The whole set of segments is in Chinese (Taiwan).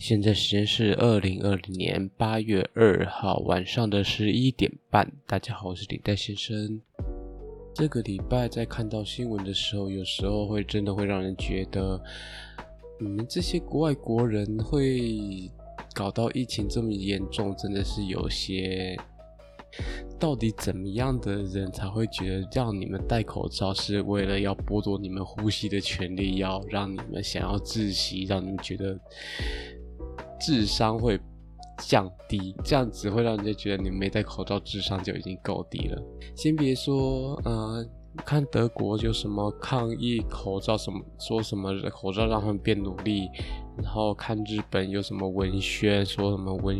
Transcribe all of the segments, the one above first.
現在時間是二零二零年八月二號晚上的十一點半。大家好，我是領帶先生。這個禮拜在看到新聞的時候，有時候會真的會讓人覺得，你們、嗯、這些國外國人會搞到疫情這麼嚴重，真的是有些到底怎麼樣的人才會覺得讓你們戴口罩是為了要剝奪你們呼吸的權利，要讓你們想要窒息，讓你們覺得。智商會降低，這樣子會讓人家覺得你沒戴口罩，智商就已經夠低了。先別說，啊、呃，看德國有什麼抗議口罩，什麼說什麼口罩讓他們變努力，然後看日本有什麼文宣，說什麼文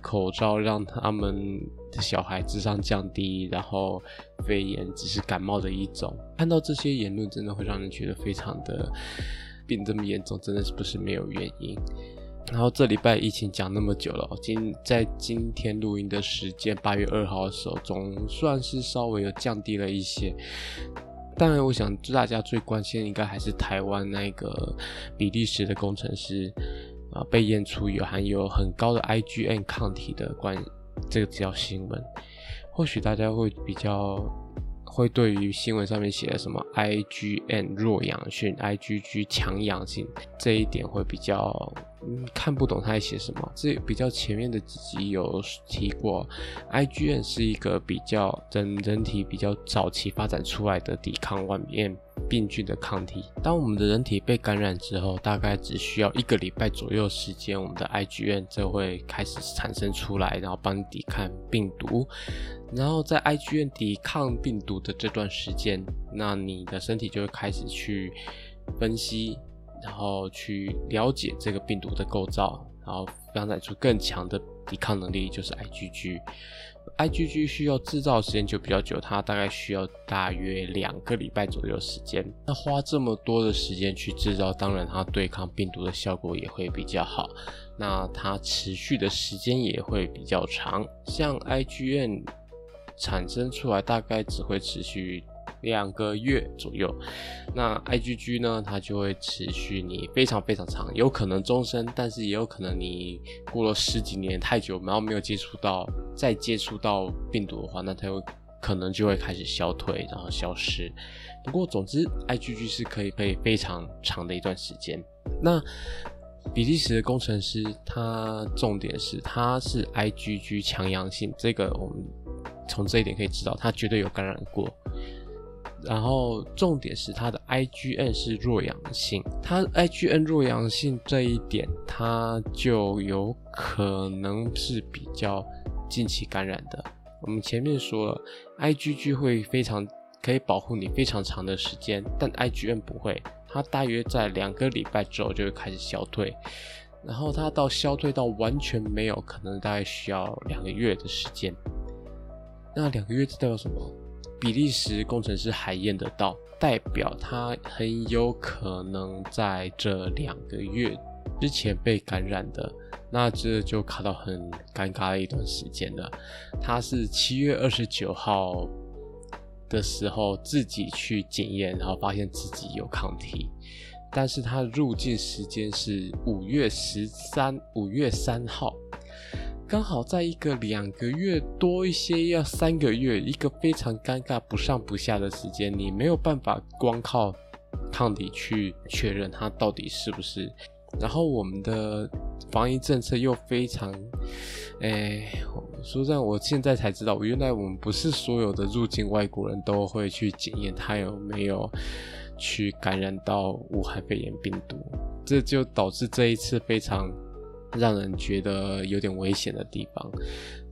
口罩讓他們的小孩智商降低，然後肺炎只是感冒的一種。看到這些言論，真的會讓人覺得非常的病這麼嚴重，真的是不是沒有原因？然後這禮拜疫情講那麼久了，今在今天錄音的時間八月二號的時候，總算是稍微有降低了一些。當然，我想大家最關心的應該還是台灣那個比利時的工程師啊，被驗出有含有很高的 IgM 抗體的關，這個叫新聞。或許大家會比較會對於新聞上面寫的什麼 IgM 弱陽性、IgG 強陽性這一點會比較。嗯，看不懂他在寫什麼。這比較前面的幾集有提過，IgM 是一個比較人人體比較早期發展出來的抵抗外面病菌的抗體。當我們的人體被感染之後，大概只需要一個禮拜左右時間，我們的 IgM 就會開始產生出來，然後幫你抵抗病毒。然後在 IgM 抵抗病毒的這段時間，那你的身體就會開始去分析。然後去了解這個病毒的構造，然後培養出更強的抵抗能力，就是 IgG。IgG 需要製造時間就比較久，它大概需要大約兩個禮拜左右時間。那花這麼多的時間去製造，當然它對抗病毒的效果也會比較好，那它持續的時間也會比較長。像 IgM 產生出來，大概只會持續。兩個月左右，那 IgG 呢？它就會持續你非常非常長，有可能終身，但是也有可能你過了十幾年太久，然後沒有接觸到，再接觸到病毒的話，那它有可能就會開始消退，然後消失。不過總之，IgG 是可以可以非常長的一段時間。那比利時的工程師，他重點是他是 IgG 強陽性，這個我們從這一點可以知道，他絕對有感染過。然後重點，是它的 IgM 是弱陽性，它 IgM 弱陽性這一點，它就有可能是比較近期感染的。我們前面說了，IgG 會非常可以保護你非常長的時間，但 IgM 不會，它大約在兩個禮拜之後就會開始消退，然後它到消退到完全沒有，可能大概需要兩個月的時間。那兩個月代表什麼？比利時工程師還驗得到，代表他很有可能在這兩個月之前被感染的，那這就卡到很尷尬的一段時間了。他是七月二十九號的時候自己去檢驗，然後發現自己有抗體，但是他的入境時間是五月十三，五月三號。剛好在一個兩個月多一些，要三個月，一個非常尷尬不上不下的時間，你沒有辦法光靠抗體去確認它到底是不是。然後我們的防疫政策又非常，哎，說這樣，我現在才知道，原來我們不是所有的入境外國人都會去檢驗它有沒有去感染到武漢肺炎病毒，這就導致這一次非常。讓人覺得有點危險的地方，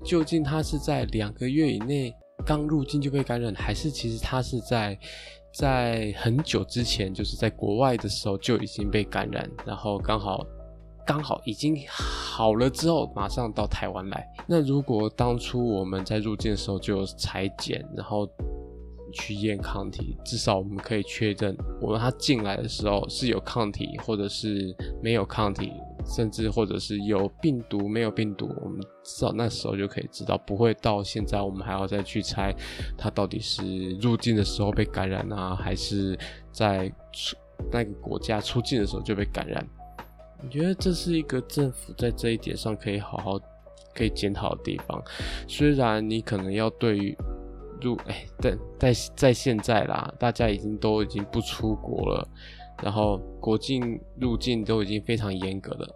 究竟他是在兩個月以內剛入境就被感染，還是其實他是在在很久之前，就是在國外的時候就已經被感染，然後剛好剛好已經好了之後馬上到台灣來？那如果當初我們在入境的時候就採檢，然後去驗抗體，至少我們可以確認，我讓他進來的時候是有抗體，或者是沒有抗體。甚至或者是有病毒沒有病毒，我們至少那時候就可以知道，不會到現在我們還要再去猜，它到底是入境的時候被感染啊，還是在出那個國家出境的時候就被感染？你覺得這是一個政府在這一點上可以好好可以檢討的地方？雖然你可能要對於入哎，但在在，在現在啦，大家已經都已經不出國了。然後國境入境都已經非常嚴格了，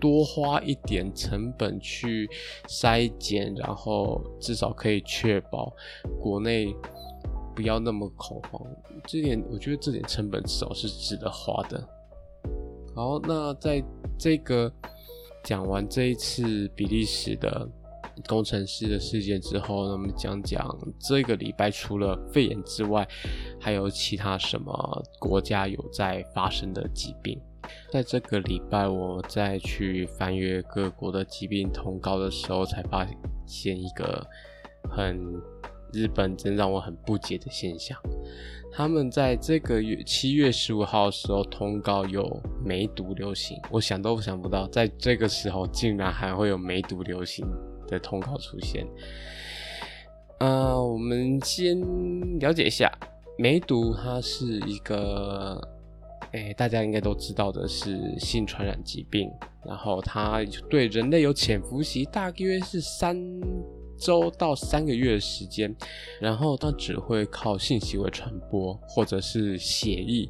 多花一點成本去篩檢，然後至少可以確保國內不要那麼恐慌，這點我覺得這點成本至少是值得花的。好，那在這個講完這一次比利時的。工程師的事件之後呢，我們講講這個禮拜除了肺炎之外，還有其他什麼國家有在發生的疾病。在這個禮拜，我再去翻閱各國的疾病通告的時候，才發現一個很日本真讓我很不解的現象。他們在這個月七月十五號的時候通告有梅毒流行，我想都想不到在這個時候竟然還會有梅毒流行。的通告出現，啊、呃，我們先了解一下梅毒，它是一個，哎、欸，大家應該都知道的是性傳染疾病，然後它對人類有潛伏期，大約是三。週到三個月的時間，然後它只會靠性行為傳播，或者是血液。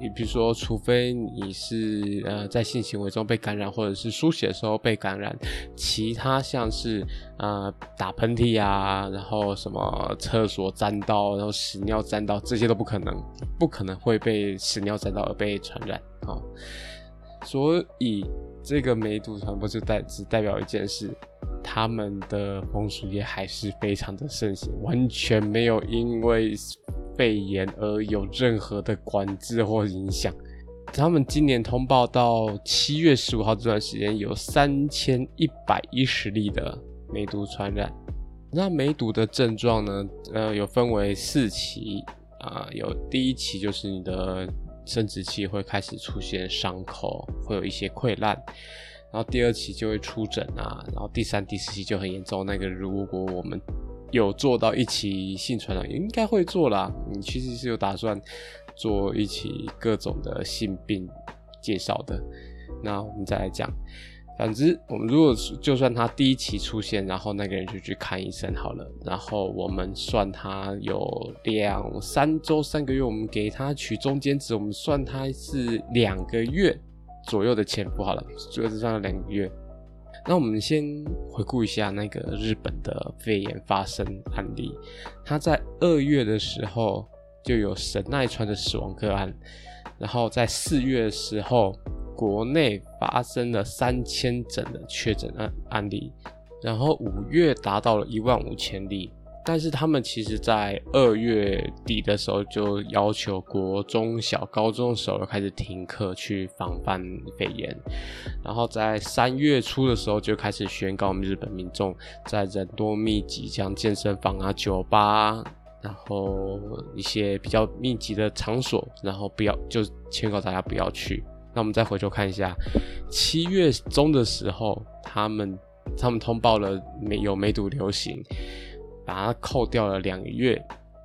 你比如說，除非你是呃在性行為中被感染，或者是輸血的時候被感染，其他像是啊、呃、打噴嚏啊，然後什麼廁所沾到，然後屎尿沾到，這些都不可能，不可能會被屎尿沾到而被傳染啊、哦。所以這個梅毒傳播就代只代表一件事。他們的風俗也還是非常的盛行，完全沒有因為肺炎而有任何的管制或影響。他們今年通報到七月十五號這段時間，有三千一百一十例的梅毒傳染。那梅毒的症狀呢？呃，有分為四期啊，呃，有第一期就是你的生殖器會開始出現傷口，會有一些潰爛。然後第二期就會出疹啊，然後第三、第四期就很嚴重。那個，如果我們有做到一期性傳染，應該會做啦，你其實是有打算做一期各種的性病介紹的。那我們再來講，反正我們如果就算他第一期出現，然後那個人就去看醫生好了。然後我們算他有兩三周、三個月，我們給他取中間值，我們算他是兩個月。左右的潛伏好了，最多是上了兩個月。那我們先回顧一下那個日本的肺炎發生案例。他在二月的時候就有神奈川的死亡個案，然後在四月的時候國內發生了三千整的確診案案例，然後五月達到了一萬五千例。但是他們其實，在二月底的時候就要求國中小、高中的時候開始停課，去防範肺炎。然後在三月初的時候就開始宣告，我們日本民眾在人多密集，像健身房啊、酒吧，然後一些比較密集的場所，然後不要就勸告大家不要去。那我們再回頭看一下，七月中的時候，他們他們通報了沒有梅毒流行。把它扣掉了兩個月，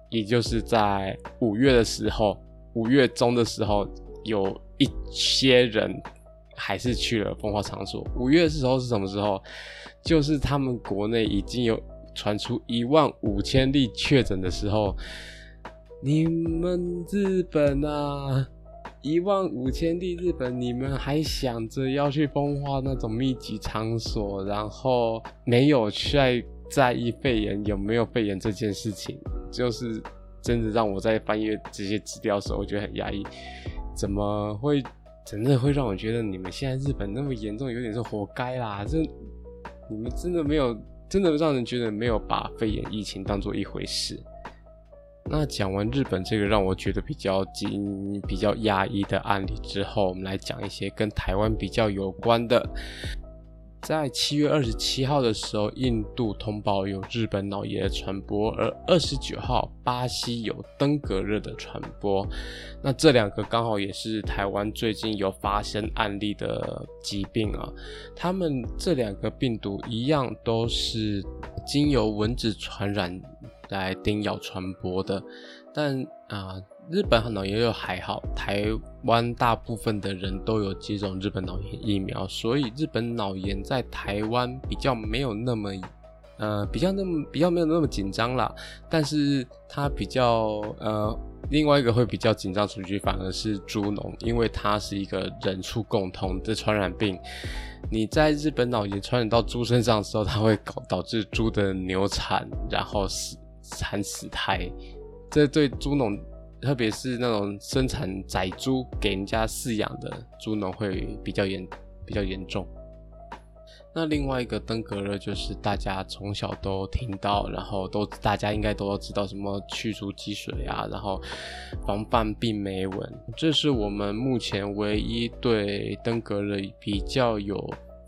也就是在五月的時候，五月中的時候，有一些人還是去了風化場所。五月的時候是什麼時候？就是他們國內已經有傳出一萬五千例確診的時候。你們日本啊，一萬五千例日本，你們還想着要去風化那種密集場所，然後沒有去愛。在意肺炎有沒有肺炎這件事情，就是真的讓我在翻閱這些資料的時候，我覺得很壓抑。怎麼會，真的會讓我覺得你們現在日本那麼嚴重，有點是活該啦！這你們真的沒有，真的讓人覺得沒有把肺炎疫情當作一回事。那講完日本這個讓我覺得比較緊、比較壓抑的案例之後，我們來講一些跟台灣比較有關的。在七月二十七號的時候，印度通報有日本腦炎的傳播，而二十九號巴西有登革熱的傳播。那這兩個剛好也是台灣最近有發生案例的疾病啊。他們這兩個病毒一樣，都是經由蚊子傳染來叮咬傳播的，但啊。呃日本腦炎又，還好，台灣大部分的人都有接種日本腦炎疫苗，所以日本腦炎在台灣比較沒有那麼，呃，比較那麼比較沒有那麼緊張啦。但是它比較呃，另外一個會比較緊張出去，反而是豬農，因為它是一個人畜共同的傳染病。你在日本腦炎傳染到豬身上的時候，它會搞導致豬的流產，然後死產死胎，這對豬農。特別是那種生產仔豬給人家飼養的豬農會比較嚴，比較嚴重。那另外一個登革熱就是大家從小都聽到，然後都大家應該都知道什麼去除積水啊，然後防範病媒蚊，這是我們目前唯一對登革熱比較有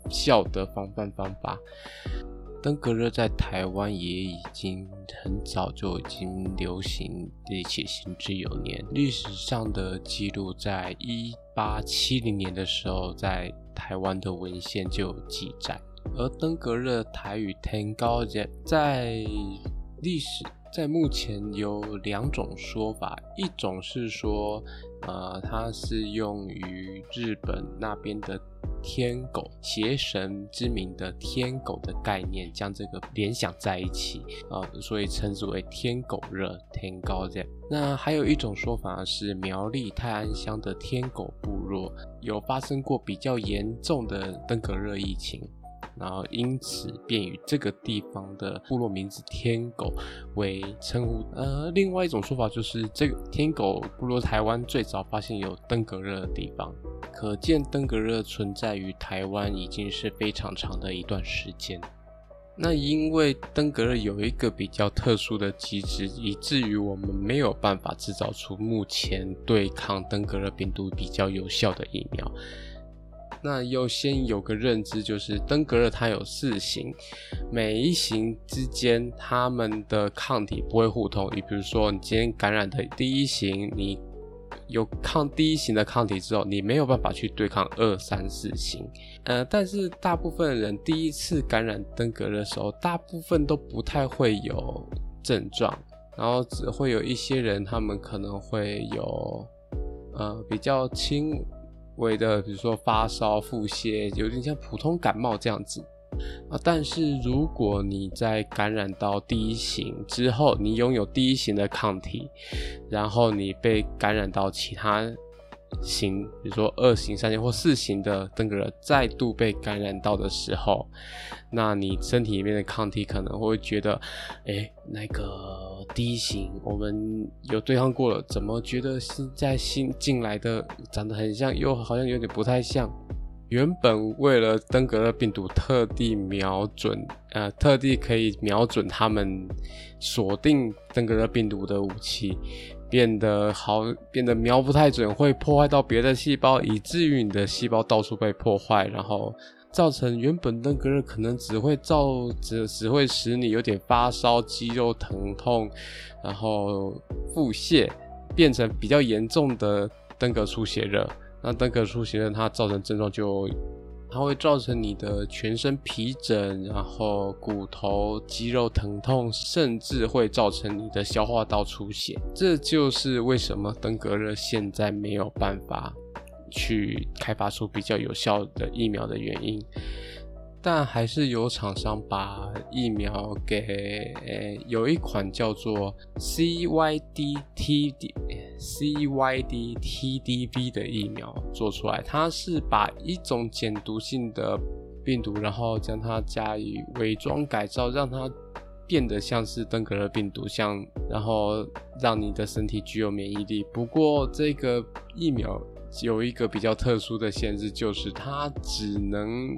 效的防範方法。登革熱在台灣也已經很早就已經流行，而且行之有年。歷史上的記錄，在一八七零年的時候，在台灣的文獻就有記載。而登革熱台語“登高熱”在歷史在目前有兩種說法，一種是說。呃，它是用於日本那邊的天狗邪神之名的天狗的概念，將這個聯想在一起，啊、呃，所以稱之為天狗熱、天狗熱。那還有一種說法是，苗栗泰安鄉的天狗部落有發生過比較嚴重的登革熱疫情。然後因此便以這個地方的部落名字“天狗”為稱呼。呃，另外一種說法就是這個天狗部落，台灣最早發現有登革熱的地方，可見登革熱存在於台灣已經是非常長的一段時間。那因為登革熱有一個比較特殊的機制，以至於我們沒有辦法製造出目前對抗登革熱病毒比較有效的疫苗。那又先有個認知，就是登革熱它有四型，每一型之間它們的抗體不會互通。你比如說，你今天感染的第一型，你有抗第一型的抗體之後，你沒有辦法去對抗二、三、四型。呃，但是大部分的人第一次感染登革熱的時候，大部分都不太會有症狀，然後只會有一些人，他們可能會有，呃，比較輕。為的，比如說發燒、腹瀉，有點像普通感冒這樣子啊。但是如果你在感染到第一型之後，你擁有第一型的抗體，然後你被感染到其他。型，比如說二型、三型或四型的登革熱再度被感染到的時候，那你身體裡面的抗體可能會覺得，哎，那個 D 型我們有對抗過了，怎麼覺得現在新進來的長得很像，又好像有點不太像？原本為了登革熱病毒特地瞄準，呃，特地可以瞄準他們鎖定登革熱病毒的武器。變得好，變得瞄不太準，會破壞到別的細胞，以至於你的細胞到處被破壞，然後造成原本登革熱可能只會造只只會使你有點發燒、肌肉疼痛，然後腹瀉，變成比較嚴重的登革出血熱。那登革出血熱它造成症狀就。它會造成你的全身皮疹，然後骨頭、肌肉疼痛，甚至會造成你的消化道出血。這就是為什麼登革熱現在沒有辦法去開發出比較有效的疫苗的原因。但還是有廠商把疫苗給，呃，有一款叫做 CYD-TDV CYD TDV 的疫苗做出來，它是把一種減毒性的病毒，然後將它加以偽裝改造，讓它變得像是登革熱病毒像，然後讓你的身體具有免疫力。不過這個疫苗有一個比較特殊的限制，就是它只能，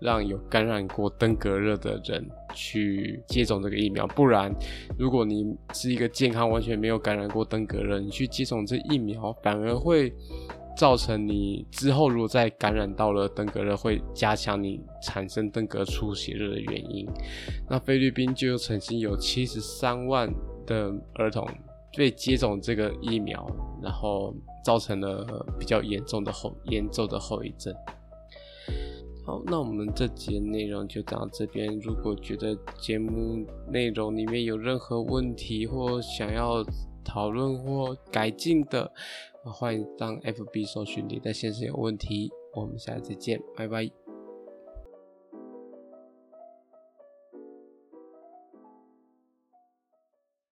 讓有感染過登革熱的人去接種這個疫苗，不然，如果你是一個健康、完全沒有感染過登革熱，你去接種這疫苗，反而會造成你之後如果再感染到了登革熱，會加強你產生登革出血熱的原因。那菲律賓就曾經有七十三萬的兒童被接種這個疫苗，然後造成了比較嚴重的後，嚴重的後遺症。好，那我們這節內容就講到這邊。如果覺得節目內容裡面有任何問題或想要討論或改進的，歡迎到 FB 搜尋“你在線上有問題”。我們下次再見，拜拜。